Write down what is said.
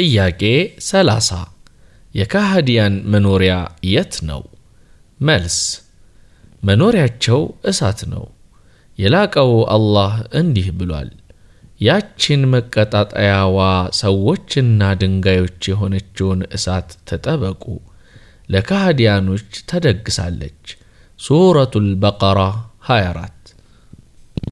ጥያቄ 30 የካህዲያን መኖሪያ የት ነው? መልስ መኖሪያቸው እሳት ነው። የላቀው አላህ እንዲህ ብሏል፣ ያችን መቀጣጠያዋ ሰዎችና ድንጋዮች የሆነችውን እሳት ተጠበቁ፣ ለካህዲያኖች ተደግሳለች። ሱረቱል በቀራ 24